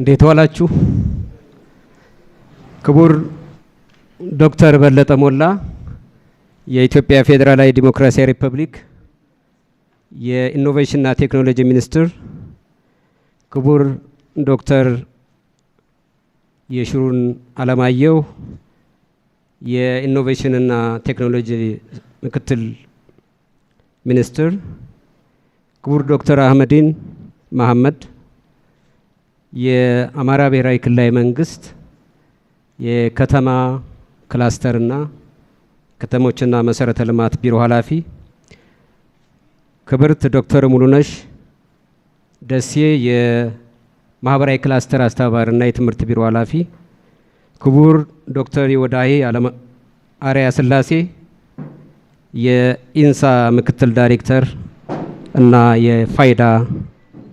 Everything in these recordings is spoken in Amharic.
እንዴት ዋላችሁ? ክቡር ዶክተር በለጠ ሞላ የኢትዮጵያ ፌዴራላዊ ዲሞክራሲያዊ ሪፐብሊክ የኢኖቬሽንና ቴክኖሎጂ ሚኒስትር፣ ክቡር ዶክተር የሽሩን አለማየሁ የኢኖቬሽንና ቴክኖሎጂ ምክትል ሚኒስትር፣ ክቡር ዶክተር አህመዲን መሐመድ የአማራ ብሔራዊ ክልላዊ መንግስት የከተማ ክላስተርና ከተሞችና መሰረተ ልማት ቢሮ ኃላፊ ክብርት ዶክተር ሙሉነሽ ደሴ የማህበራዊ ክላስተር አስተባባሪና የትምህርት ቢሮ ኃላፊ ክቡር ዶክተር ወዳሄ አርያ ስላሴ የኢንሳ ምክትል ዳይሬክተር እና የፋይዳ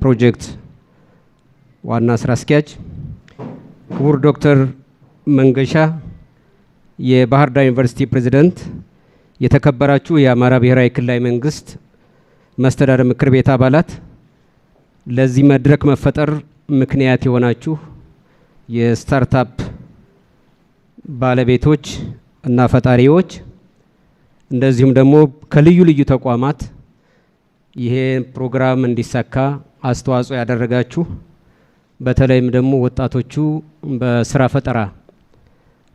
ፕሮጀክት ዋና ስራ አስኪያጅ፣ ክቡር ዶክተር መንገሻ የባህር ዳር ዩኒቨርሲቲ ፕሬዚደንት፣ የተከበራችሁ የአማራ ብሔራዊ ክልላዊ መንግስት መስተዳደር ምክር ቤት አባላት፣ ለዚህ መድረክ መፈጠር ምክንያት የሆናችሁ የስታርታፕ ባለቤቶች እና ፈጣሪዎች እንደዚሁም ደግሞ ከልዩ ልዩ ተቋማት ይሄ ፕሮግራም እንዲሳካ አስተዋጽኦ ያደረጋችሁ በተለይም ደግሞ ወጣቶቹ በስራ ፈጠራ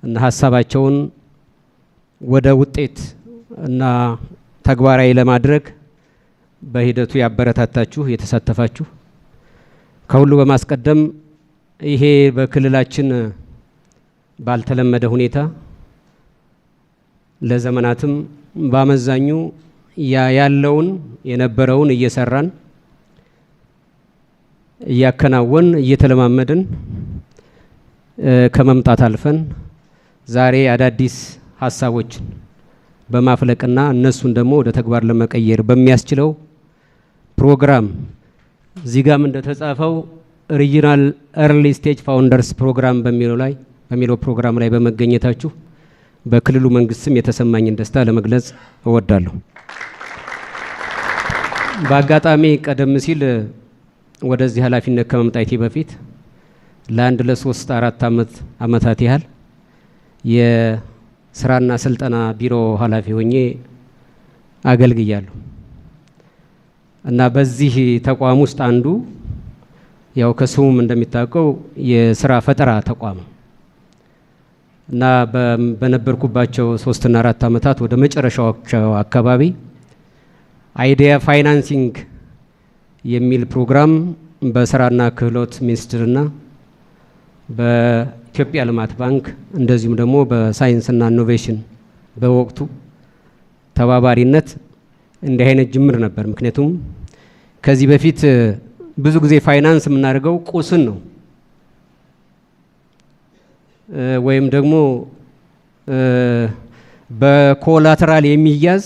እና ሀሳባቸውን ወደ ውጤት እና ተግባራዊ ለማድረግ በሂደቱ ያበረታታችሁ የተሳተፋችሁ፣ ከሁሉ በማስቀደም ይሄ በክልላችን ባልተለመደ ሁኔታ ለዘመናትም በአመዛኙ ያለውን የነበረውን እየሰራን እያከናወን እየተለማመድን ከመምጣት አልፈን ዛሬ አዳዲስ ሀሳቦችን በማፍለቅና እነሱን ደግሞ ወደ ተግባር ለመቀየር በሚያስችለው ፕሮግራም እዚህ ጋም እንደተጻፈው ሪጂናል ኤርሊ ስቴጅ ፋውንደርስ ፕሮግራም በሚለው ላይ በሚለው ፕሮግራም ላይ በመገኘታችሁ በክልሉ መንግስት ስም የተሰማኝን ደስታ ለመግለጽ እወዳለሁ። በአጋጣሚ ቀደም ሲል ወደዚህ ኃላፊነት ከመምጣቴ በፊት ለአንድ ለሶስት አራት አመታት ያህል የስራና ስልጠና ቢሮ ኃላፊ ሆኜ አገልግያለሁ እና በዚህ ተቋም ውስጥ አንዱ ያው ከስሙም እንደሚታወቀው የስራ ፈጠራ ተቋም እና በነበርኩባቸው ሶስትና አራት አመታት ወደ መጨረሻው አካባቢ አይዲያ ፋይናንሲንግ የሚል ፕሮግራም በስራና ክህሎት ሚኒስቴርና በኢትዮጵያ ልማት ባንክ እንደዚሁም ደግሞ በሳይንስና ኢኖቬሽን በወቅቱ ተባባሪነት እንዲህ አይነት ጅምር ነበር። ምክንያቱም ከዚህ በፊት ብዙ ጊዜ ፋይናንስ የምናደርገው ቁስን ነው ወይም ደግሞ በኮላተራል የሚያዝ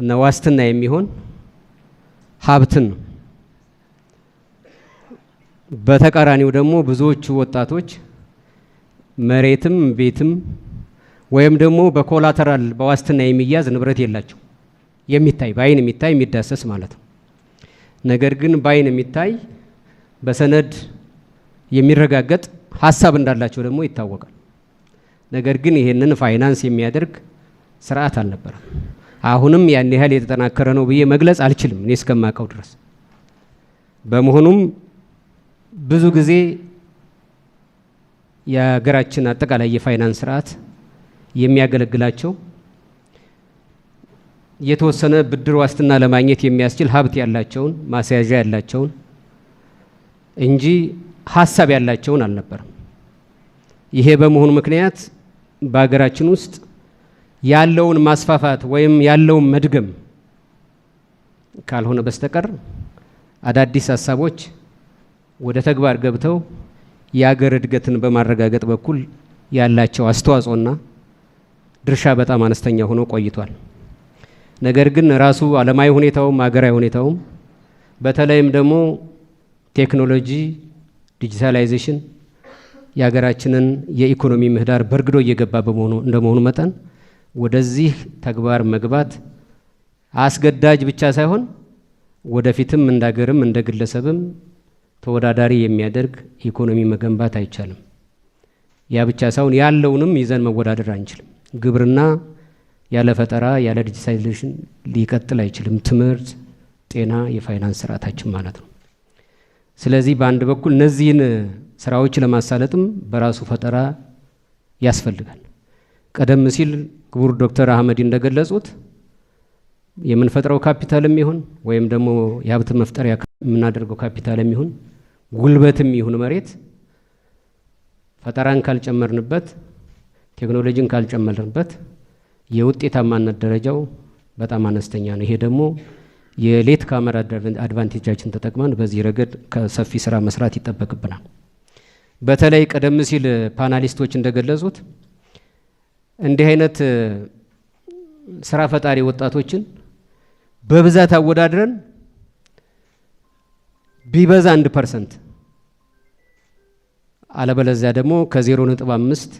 እና ዋስትና የሚሆን ሀብትን ነው። በተቃራኒው ደግሞ ብዙዎቹ ወጣቶች መሬትም ቤትም ወይም ደግሞ በኮላተራል በዋስትና የሚያዝ ንብረት የላቸው የሚታይ በአይን የሚታይ የሚዳሰስ ማለት ነው። ነገር ግን በአይን የሚታይ በሰነድ የሚረጋገጥ ሀሳብ እንዳላቸው ደግሞ ይታወቃል። ነገር ግን ይህንን ፋይናንስ የሚያደርግ ስርዓት አልነበረም። አሁንም ያን ያህል የተጠናከረ ነው ብዬ መግለጽ አልችልም እኔ እስከማውቀው ድረስ። በመሆኑም ብዙ ጊዜ የሀገራችን አጠቃላይ የፋይናንስ ስርዓት የሚያገለግላቸው የተወሰነ ብድር ዋስትና ለማግኘት የሚያስችል ሀብት ያላቸውን ማስያዣ ያላቸውን እንጂ ሀሳብ ያላቸውን አልነበረም። ይሄ በመሆኑ ምክንያት በሀገራችን ውስጥ ያለውን ማስፋፋት ወይም ያለውን መድገም ካልሆነ በስተቀር አዳዲስ ሀሳቦች ወደ ተግባር ገብተው የአገር እድገትን በማረጋገጥ በኩል ያላቸው አስተዋጽኦና ድርሻ በጣም አነስተኛ ሆኖ ቆይቷል። ነገር ግን ራሱ ዓለማዊ ሁኔታውም አገራዊ ሁኔታውም በተለይም ደግሞ ቴክኖሎጂ፣ ዲጂታላይዜሽን የሀገራችንን የኢኮኖሚ ምህዳር በእርግዶ እየገባ እንደመሆኑ መጠን ወደዚህ ተግባር መግባት አስገዳጅ ብቻ ሳይሆን ወደፊትም እንደ ሀገርም እንደ ግለሰብም ተወዳዳሪ የሚያደርግ ኢኮኖሚ መገንባት አይቻልም። ያ ብቻ ሳይሆን ያለውንም ይዘን መወዳደር አንችልም። ግብርና ያለ ፈጠራ ያለ ዲጂታይዜሽን ሊቀጥል አይችልም። ትምህርት፣ ጤና፣ የፋይናንስ ስርዓታችን ማለት ነው። ስለዚህ በአንድ በኩል እነዚህን ስራዎች ለማሳለጥም በራሱ ፈጠራ ያስፈልጋል። ቀደም ሲል ክቡር ዶክተር አህመድ እንደገለጹት የምንፈጥረው ካፒታልም ይሁን ወይም ደግሞ የሀብት መፍጠሪያ የምናደርገው ካፒታልም ይሁን ጉልበትም ይሁን መሬት ፈጠራን ካልጨመርንበት፣ ቴክኖሎጂን ካልጨመርንበት የውጤታማነት ደረጃው በጣም አነስተኛ ነው። ይሄ ደግሞ የሌት ካመራ አድቫንቴጃችን ተጠቅመን በዚህ ረገድ ከሰፊ ስራ መስራት ይጠበቅብናል። በተለይ ቀደም ሲል ፓናሊስቶች እንደገለጹት እንዲህ አይነት ስራ ፈጣሪ ወጣቶችን በብዛት አወዳድረን ቢበዛ አንድ ፐርሰንት አለበለዚያ ደግሞ ከዜሮ ነጥብ አምስት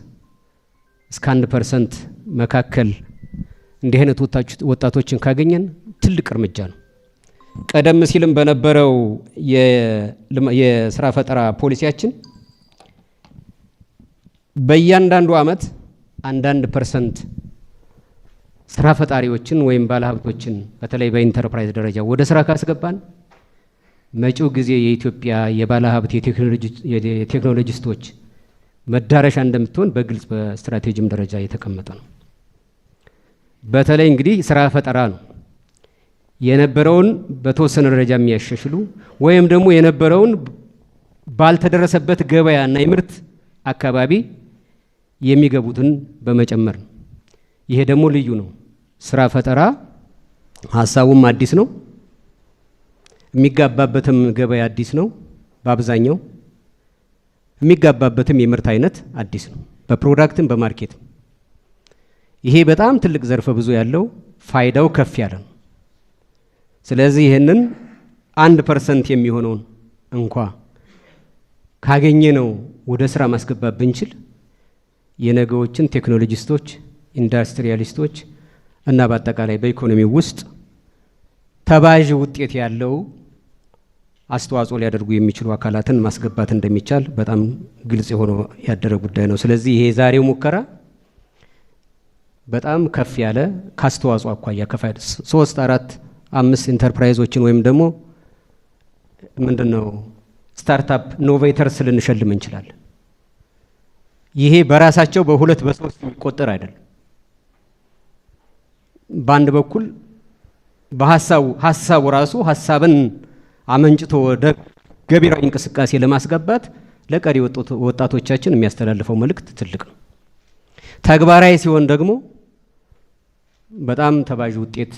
እስከ አንድ ፐርሰንት መካከል እንዲህ አይነት ወጣቶችን ካገኘን ትልቅ እርምጃ ነው። ቀደም ሲልም በነበረው የስራ ፈጠራ ፖሊሲያችን በእያንዳንዱ አመት አንዳንድ ፐርሰንት ስራ ፈጣሪዎችን ወይም ባለሀብቶችን በተለይ በኢንተርፕራይዝ ደረጃ ወደ ስራ ካስገባን መጪው ጊዜ የኢትዮጵያ የባለሀብት የቴክኖሎጂስቶች መዳረሻ እንደምትሆን በግልጽ በስትራቴጂም ደረጃ የተቀመጠ ነው። በተለይ እንግዲህ ስራ ፈጠራ ነው የነበረውን በተወሰነ ደረጃ የሚያሻሽሉ ወይም ደግሞ የነበረውን ባልተደረሰበት እና የምርት አካባቢ የሚገቡትን በመጨመር ነው። ይሄ ደግሞ ልዩ ነው። ስራ ፈጠራ ሀሳቡም አዲስ ነው። የሚጋባበትም ገበያ አዲስ ነው። በአብዛኛው የሚጋባበትም የምርት አይነት አዲስ ነው፣ በፕሮዳክትም በማርኬት ይሄ በጣም ትልቅ ዘርፈ ብዙ ያለው ፋይዳው ከፍ ያለ ነው። ስለዚህ ይህንን አንድ ፐርሰንት የሚሆነውን እንኳ ካገኘ ነው ወደ ስራ ማስገባት ብንችል የነገዎችን ቴክኖሎጂስቶች፣ ኢንዱስትሪያሊስቶች እና በአጠቃላይ በኢኮኖሚ ውስጥ ተባዥ ውጤት ያለው አስተዋጽኦ ሊያደርጉ የሚችሉ አካላትን ማስገባት እንደሚቻል በጣም ግልጽ የሆነ ያደረ ጉዳይ ነው። ስለዚህ ይሄ የዛሬው ሙከራ በጣም ከፍ ያለ ከአስተዋጽኦ አኳያ ሶስት አራት አምስት ኢንተርፕራይዞችን ወይም ደግሞ ምንድን ነው ስታርታፕ ኖቬተርስ ልንሸልም እንችላለን። ይሄ በራሳቸው በሁለት በሶስት የሚቆጠር አይደለም። በአንድ በኩል በሀሳቡ ሀሳቡ ራሱ ሀሳብን አመንጭቶ ወደ ገቢራዊ እንቅስቃሴ ለማስገባት ለቀሪ ወጣቶቻችን የሚያስተላልፈው መልእክት ትልቅ ነው። ተግባራዊ ሲሆን ደግሞ በጣም ተባዥ ውጤት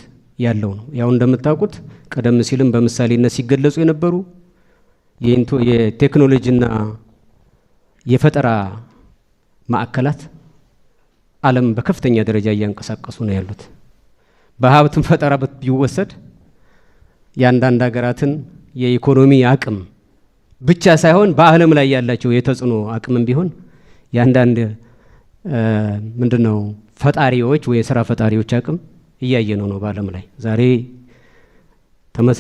ያለው ነው። ያው እንደምታውቁት ቀደም ሲልም በምሳሌነት ሲገለጹ የነበሩ የቴክኖሎጂና የፈጠራ ማዕከላት ዓለም በከፍተኛ ደረጃ እያንቀሳቀሱ ነው ያሉት። በሀብትም ፈጠራ ቢወሰድ የአንዳንድ ሀገራትን የኢኮኖሚ አቅም ብቻ ሳይሆን በዓለም ላይ ያላቸው የተጽዕኖ አቅምም ቢሆን የአንዳንድ ምንድን ነው ፈጣሪዎች ወይ የስራ ፈጣሪዎች አቅም እያየነው ነው በዓለም ላይ ዛሬ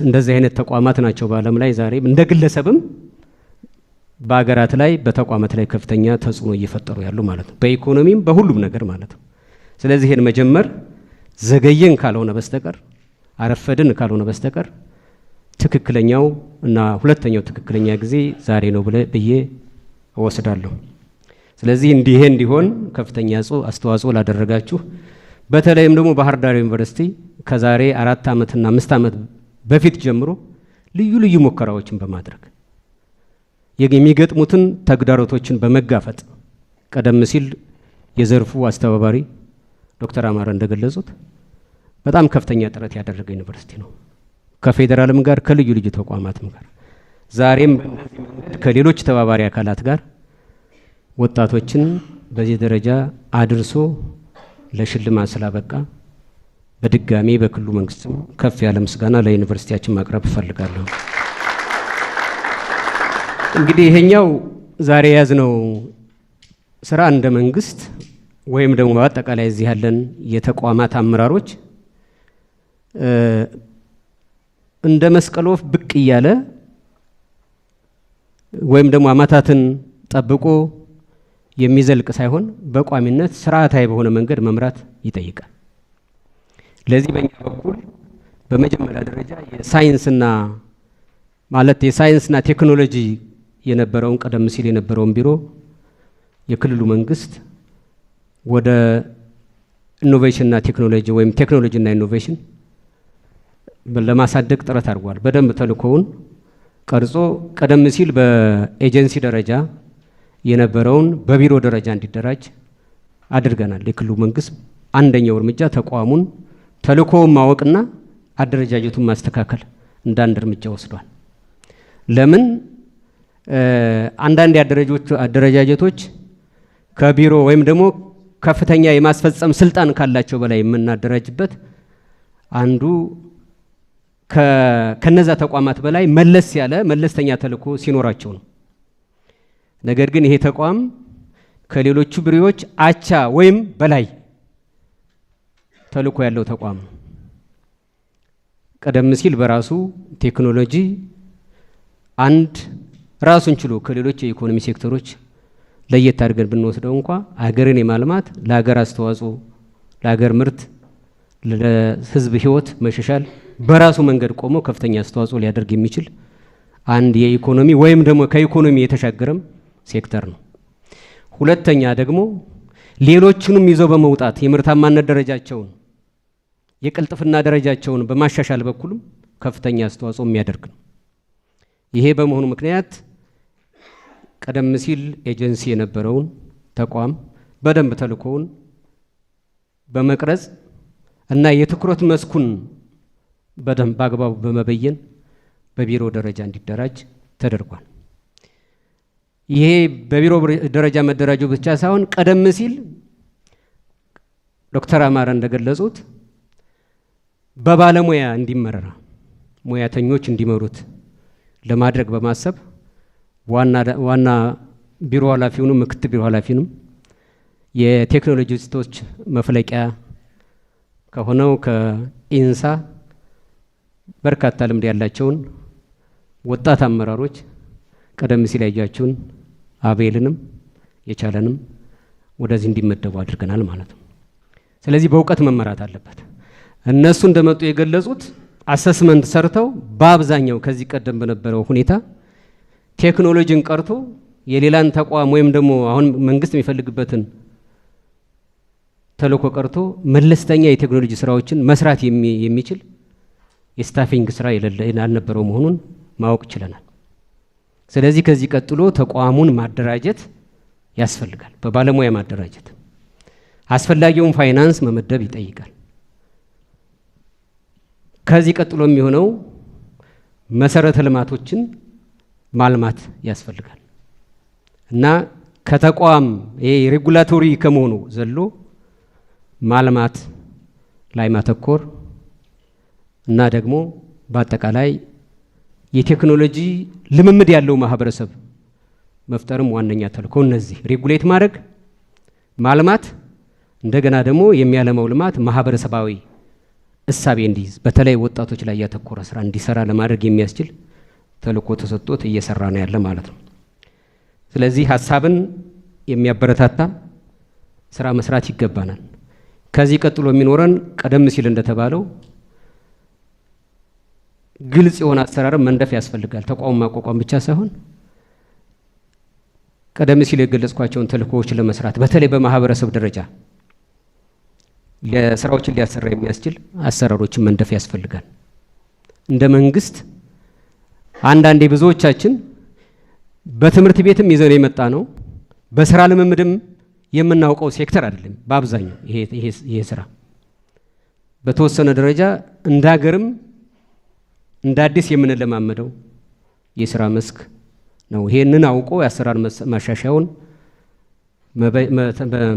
እንደዚህ አይነት ተቋማት ናቸው በዓለም ላይ ዛሬ እንደ ግለሰብም በሀገራት ላይ በተቋማት ላይ ከፍተኛ ተጽዕኖ እየፈጠሩ ያሉ ማለት ነው። በኢኮኖሚም በሁሉም ነገር ማለት ነው። ስለዚህ ይህን መጀመር ዘገየን ካልሆነ በስተቀር አረፈድን ካልሆነ በስተቀር ትክክለኛው እና ሁለተኛው ትክክለኛ ጊዜ ዛሬ ነው ብለ ብዬ እወስዳለሁ። ስለዚህ እንዲሄ እንዲሆን ከፍተኛ አስተዋጽኦ ላደረጋችሁ በተለይም ደግሞ ባህር ዳር ዩኒቨርሲቲ ከዛሬ አራት ዓመትና አምስት ዓመት በፊት ጀምሮ ልዩ ልዩ ሙከራዎችን በማድረግ የሚገጥሙትን ተግዳሮቶችን በመጋፈጥ ቀደም ሲል የዘርፉ አስተባባሪ ዶክተር አማረ እንደገለጹት በጣም ከፍተኛ ጥረት ያደረገ ዩኒቨርሲቲ ነው። ከፌዴራልም ጋር ከልዩ ልዩ ተቋማትም ጋር ዛሬም ከሌሎች ተባባሪ አካላት ጋር ወጣቶችን በዚህ ደረጃ አድርሶ ለሽልማት ስላበቃ በድጋሚ በክልሉ መንግስትም ከፍ ያለ ምስጋና ለዩኒቨርሲቲያችን ማቅረብ እፈልጋለሁ። እንግዲህ ይሄኛው ዛሬ የያዝነው ስራ እንደ መንግስት ወይም ደግሞ በአጠቃላይ እዚህ ያለን የተቋማት አመራሮች እንደ መስቀል ወፍ ብቅ እያለ ወይም ደግሞ አማታትን ጠብቆ የሚዘልቅ ሳይሆን በቋሚነት ስርዓታዊ በሆነ መንገድ መምራት ይጠይቃል። ለዚህ በእኛ በኩል በመጀመሪያ ደረጃ የሳይንስና ማለት የሳይንስና ቴክኖሎጂ የነበረውን ቀደም ሲል የነበረውን ቢሮ የክልሉ መንግስት ወደ ኢኖቬሽንና ቴክኖሎጂ ወይም ቴክኖሎጂና ኢኖቬሽን ለማሳደግ ጥረት አድርጓል። በደንብ ተልእኮውን ቀርጾ ቀደም ሲል በኤጀንሲ ደረጃ የነበረውን በቢሮ ደረጃ እንዲደራጅ አድርገናል። የክልሉ መንግስት አንደኛው እርምጃ ተቋሙን ተልእኮውን ማወቅና አደረጃጀቱን ማስተካከል እንደ አንድ እርምጃ ወስዷል። ለምን አንዳንድ አደረጃጀቶች ከቢሮ ወይም ደግሞ ከፍተኛ የማስፈጸም ስልጣን ካላቸው በላይ የምናደራጅበት አንዱ ከነዛ ተቋማት በላይ መለስ ያለ መለስተኛ ተልእኮ ሲኖራቸው ነው። ነገር ግን ይሄ ተቋም ከሌሎቹ ቢሮዎች አቻ ወይም በላይ ተልእኮ ያለው ተቋም ነው። ቀደም ሲል በራሱ ቴክኖሎጂ አንድ ራሱን ችሎ ከሌሎች የኢኮኖሚ ሴክተሮች ለየት አድርገን ብንወስደው እንኳ አገርን የማልማት ለሀገር አስተዋጽኦ፣ ለሀገር ምርት፣ ለህዝብ ህይወት መሻሻል በራሱ መንገድ ቆሞ ከፍተኛ አስተዋጽኦ ሊያደርግ የሚችል አንድ የኢኮኖሚ ወይም ደግሞ ከኢኮኖሚ የተሻገረም ሴክተር ነው። ሁለተኛ ደግሞ ሌሎችንም ይዘው በመውጣት የምርታማነት ደረጃቸውን የቅልጥፍና ደረጃቸውን በማሻሻል በኩልም ከፍተኛ አስተዋጽኦ የሚያደርግ ነው። ይሄ በመሆኑ ምክንያት ቀደም ሲል ኤጀንሲ የነበረውን ተቋም በደንብ ተልእኮውን በመቅረጽ እና የትኩረት መስኩን በደንብ በአግባቡ በመበየን በቢሮ ደረጃ እንዲደራጅ ተደርጓል። ይሄ በቢሮ ደረጃ መደራጁ ብቻ ሳይሆን ቀደም ሲል ዶክተር አማረ እንደገለጹት በባለሙያ እንዲመራ ሙያተኞች እንዲመሩት ለማድረግ በማሰብ ዋና ቢሮ ኃላፊውንም ምክትል ቢሮ ኃላፊንም የቴክኖሎጂስቶች መፍለቂያ ከሆነው ከኢንሳ በርካታ ልምድ ያላቸውን ወጣት አመራሮች ቀደም ሲል ያያችሁን አቤልንም የቻለንም ወደዚህ እንዲመደቡ አድርገናል ማለት ነው። ስለዚህ በእውቀት መመራት አለበት። እነሱ እንደመጡ የገለጹት አሰስመንት ሰርተው በአብዛኛው ከዚህ ቀደም በነበረው ሁኔታ ቴክኖሎጂን ቀርቶ የሌላን ተቋም ወይም ደግሞ አሁን መንግስት የሚፈልግበትን ተልእኮ ቀርቶ መለስተኛ የቴክኖሎጂ ስራዎችን መስራት የሚችል የስታፊንግ ስራ ያልነበረው መሆኑን ማወቅ ችለናል። ስለዚህ ከዚህ ቀጥሎ ተቋሙን ማደራጀት ያስፈልጋል። በባለሙያ ማደራጀት አስፈላጊውን ፋይናንስ መመደብ ይጠይቃል። ከዚህ ቀጥሎ የሚሆነው መሰረተ ልማቶችን ማልማት ያስፈልጋል እና ከተቋም ይሄ ሬጉላቶሪ ከመሆኑ ዘሎ ማልማት ላይ ማተኮር እና ደግሞ በአጠቃላይ የቴክኖሎጂ ልምምድ ያለው ማህበረሰብ መፍጠርም ዋነኛ ተልእኮ እነዚህ ሬጉሌት ማድረግ፣ ማልማት፣ እንደገና ደግሞ የሚያለመው ልማት ማህበረሰባዊ እሳቤ እንዲይዝ በተለይ ወጣቶች ላይ ያተኮረ ስራ እንዲሰራ ለማድረግ የሚያስችል ተልእኮ ተሰጥቶት እየሰራ ነው ያለ ማለት ነው። ስለዚህ ሀሳብን የሚያበረታታ ስራ መስራት ይገባናል። ከዚህ ቀጥሎ የሚኖረን ቀደም ሲል እንደተባለው ግልጽ የሆነ አሰራርን መንደፍ ያስፈልጋል። ተቋሙ ማቋቋም ብቻ ሳይሆን ቀደም ሲል የገለጽኳቸውን ተልእኮዎች ለመስራት በተለይ በማህበረሰብ ደረጃ ስራዎችን ሊያሰራ የሚያስችል አሰራሮችን መንደፍ ያስፈልጋል እንደ መንግስት አንዳንዴ ብዙዎቻችን በትምህርት ቤትም ይዘን የመጣ ነው፣ በስራ ልምምድም የምናውቀው ሴክተር አይደለም። በአብዛኛው ይሄ ስራ በተወሰነ ደረጃ እንደ ሀገርም እንደ አዲስ የምንለማመደው የስራ መስክ ነው። ይሄንን አውቆ የአሰራር ማሻሻያውን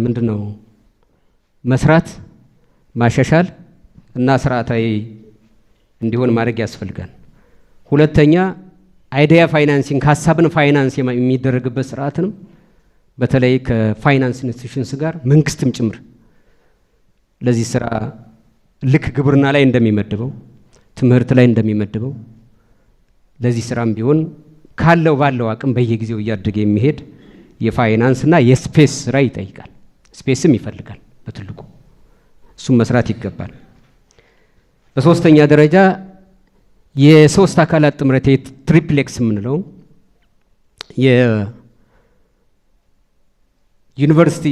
ምንድን ነው መስራት ማሻሻል እና ስርዓታዊ እንዲሆን ማድረግ ያስፈልጋል። ሁለተኛ አይዲያ ፋይናንሲንግ ከሀሳብን ፋይናንስ የሚደረግበት ስርዓትንም በተለይ ከፋይናንስ ኢንስቲቱሽንስ ጋር መንግስትም ጭምር ለዚህ ስራ ልክ ግብርና ላይ እንደሚመድበው ትምህርት ላይ እንደሚመድበው ለዚህ ስራም ቢሆን ካለው ባለው አቅም በየጊዜው እያደገ የሚሄድ የፋይናንስና የስፔስ ስራ ይጠይቃል። ስፔስም ይፈልጋል በትልቁ እሱም መስራት ይገባል። በሶስተኛ ደረጃ የሶስት አካላት ጥምረት ትሪፕሌክስ የምንለው የዩኒቨርሲቲ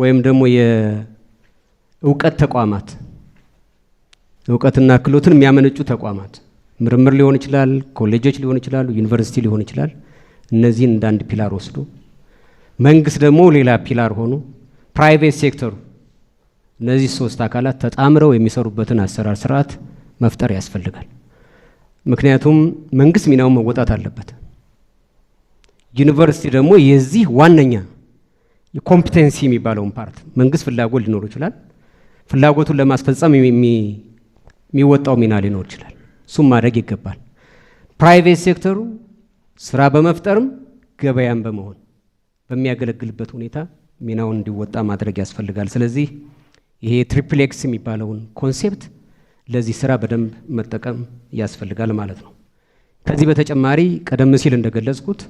ወይም ደግሞ የእውቀት ተቋማት እውቀትና ክህሎትን የሚያመነጩ ተቋማት ምርምር ሊሆን ይችላል፣ ኮሌጆች ሊሆን ይችላሉ፣ ዩኒቨርሲቲ ሊሆን ይችላል። እነዚህን እንደ አንድ ፒላር ወስዶ መንግስት ደግሞ ሌላ ፒላር ሆኖ ፕራይቬት ሴክተሩ እነዚህ ሶስት አካላት ተጣምረው የሚሰሩበትን አሰራር ስርዓት መፍጠር ያስፈልጋል። ምክንያቱም መንግስት ሚናውን መወጣት አለበት። ዩኒቨርሲቲ ደግሞ የዚህ ዋነኛ የኮምፒቴንሲ የሚባለውን ፓርት መንግስት ፍላጎት ሊኖሩ ይችላል። ፍላጎቱን ለማስፈጸም የሚወጣው ሚና ሊኖር ይችላል። እሱም ማድረግ ይገባል። ፕራይቬት ሴክተሩ ስራ በመፍጠርም ገበያም በመሆን በሚያገለግልበት ሁኔታ ሚናውን እንዲወጣ ማድረግ ያስፈልጋል። ስለዚህ ይሄ ትሪፕሌክስ የሚባለውን ኮንሴፕት ለዚህ ስራ በደንብ መጠቀም ያስፈልጋል ማለት ነው። ከዚህ በተጨማሪ ቀደም ሲል እንደገለጽኩት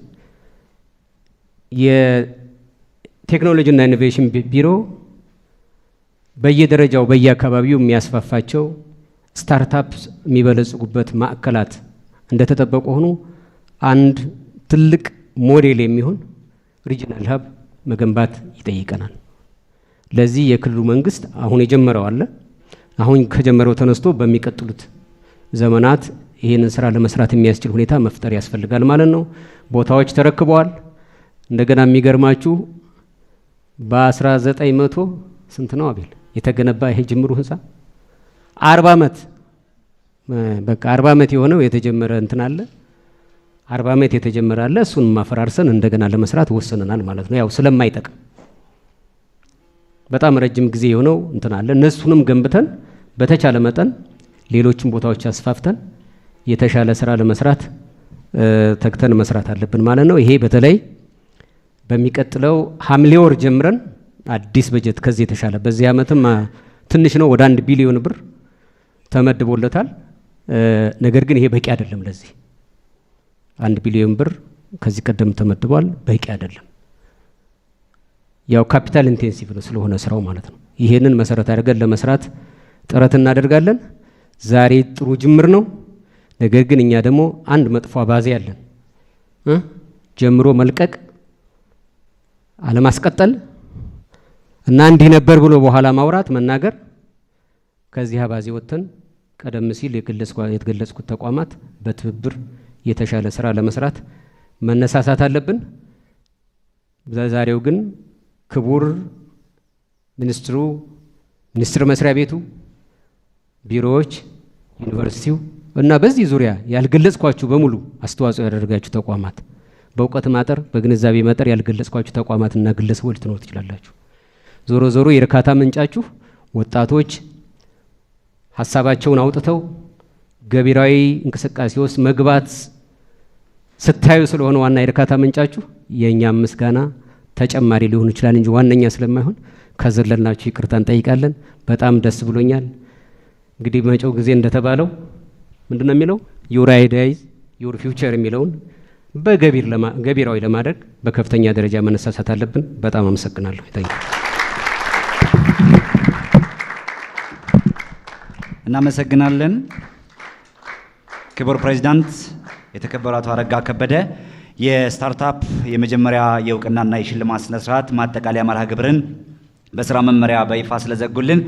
የቴክኖሎጂና ኢኖቬሽን ቢሮ በየደረጃው በየአካባቢው የሚያስፋፋቸው ስታርታፕ የሚበለጽጉበት ማዕከላት እንደተጠበቁ ሆኖ አንድ ትልቅ ሞዴል የሚሆን ሪጅናል ሀብ መገንባት ይጠይቀናል። ለዚህ የክልሉ መንግስት አሁን የጀመረው አለ አሁን ከጀመረው ተነስቶ በሚቀጥሉት ዘመናት ይህንን ስራ ለመስራት የሚያስችል ሁኔታ መፍጠር ያስፈልጋል ማለት ነው። ቦታዎች ተረክበዋል። እንደገና የሚገርማችሁ በ1900 ስንት ነው አቤል የተገነባ ይሄ ጅምሩ ህንፃ አርባ ዓመት በቃ አርባ ዓመት የሆነው የተጀመረ እንትን አለ አርባ ዓመት የተጀመረ አለ። እሱን ማፈራርሰን እንደገና ለመስራት ወስነናል ማለት ነው። ያው ስለማይጠቅም በጣም ረጅም ጊዜ የሆነው እንትን አለ። እነሱንም ገንብተን በተቻለ መጠን ሌሎችን ቦታዎች አስፋፍተን የተሻለ ስራ ለመስራት ተግተን መስራት አለብን ማለት ነው። ይሄ በተለይ በሚቀጥለው ሐምሌ ወር ጀምረን አዲስ በጀት ከዚህ የተሻለ በዚህ ዓመትም ትንሽ ነው፣ ወደ አንድ ቢሊዮን ብር ተመድቦለታል። ነገር ግን ይሄ በቂ አይደለም። ለዚህ አንድ ቢሊዮን ብር ከዚህ ቀደም ተመድቧል፣ በቂ አይደለም። ያው ካፒታል ኢንቴንሲቭ ነው ስለሆነ ስራው ማለት ነው። ይሄንን መሰረት አድርገን ለመስራት ጥረት እናደርጋለን። ዛሬ ጥሩ ጅምር ነው። ነገር ግን እኛ ደግሞ አንድ መጥፎ አባዜ አለን። ጀምሮ መልቀቅ፣ አለማስቀጠል እና እንዲህ ነበር ብሎ በኋላ ማውራት፣ መናገር ከዚህ አባዜ ወጥተን ቀደም ሲል የተገለጽኩት ተቋማት በትብብር የተሻለ ስራ ለመስራት መነሳሳት አለብን። ዛሬው ግን ክቡር ሚኒስትሩ፣ ሚኒስትር መስሪያ ቤቱ፣ ቢሮዎች፣ ዩኒቨርሲቲው እና በዚህ ዙሪያ ያልገለጽኳችሁ በሙሉ አስተዋጽኦ ያደረጋችሁ ተቋማት በእውቀት ማጠር በግንዛቤ ማጠር ያልገለጽኳችሁ ተቋማትና ግለሰቦች ልትኖሩ ትችላላችሁ። ዞሮ ዞሮ የእርካታ ምንጫችሁ ወጣቶች ሀሳባቸውን አውጥተው ገቢራዊ እንቅስቃሴ ውስጥ መግባት ስታዩ ስለሆነ ዋና የእርካታ ምንጫችሁ የእኛም ምስጋና ተጨማሪ ሊሆን ይችላል እንጂ ዋነኛ ስለማይሆን ከዘለልናችሁ ይቅርታ እንጠይቃለን። በጣም ደስ ብሎኛል። እንግዲህ መጪው ጊዜ እንደተባለው ምንድን ነው የሚለው ዩር አይዲያዝ ዩር ፊውቸር የሚለውን በገቢር ገቢራዊ ለማድረግ በከፍተኛ ደረጃ መነሳሳት አለብን። በጣም አመሰግናለሁ። እናመሰግናለን። ክቡር ፕሬዚዳንት የተከበሩ አቶ አረጋ ከበደ የስታርታፕ የመጀመሪያ የእውቅናና የሽልማት ስነስርዓት ማጠቃለያ መርሃ ግብርን በስራ መመሪያ በይፋ ስለዘጉልን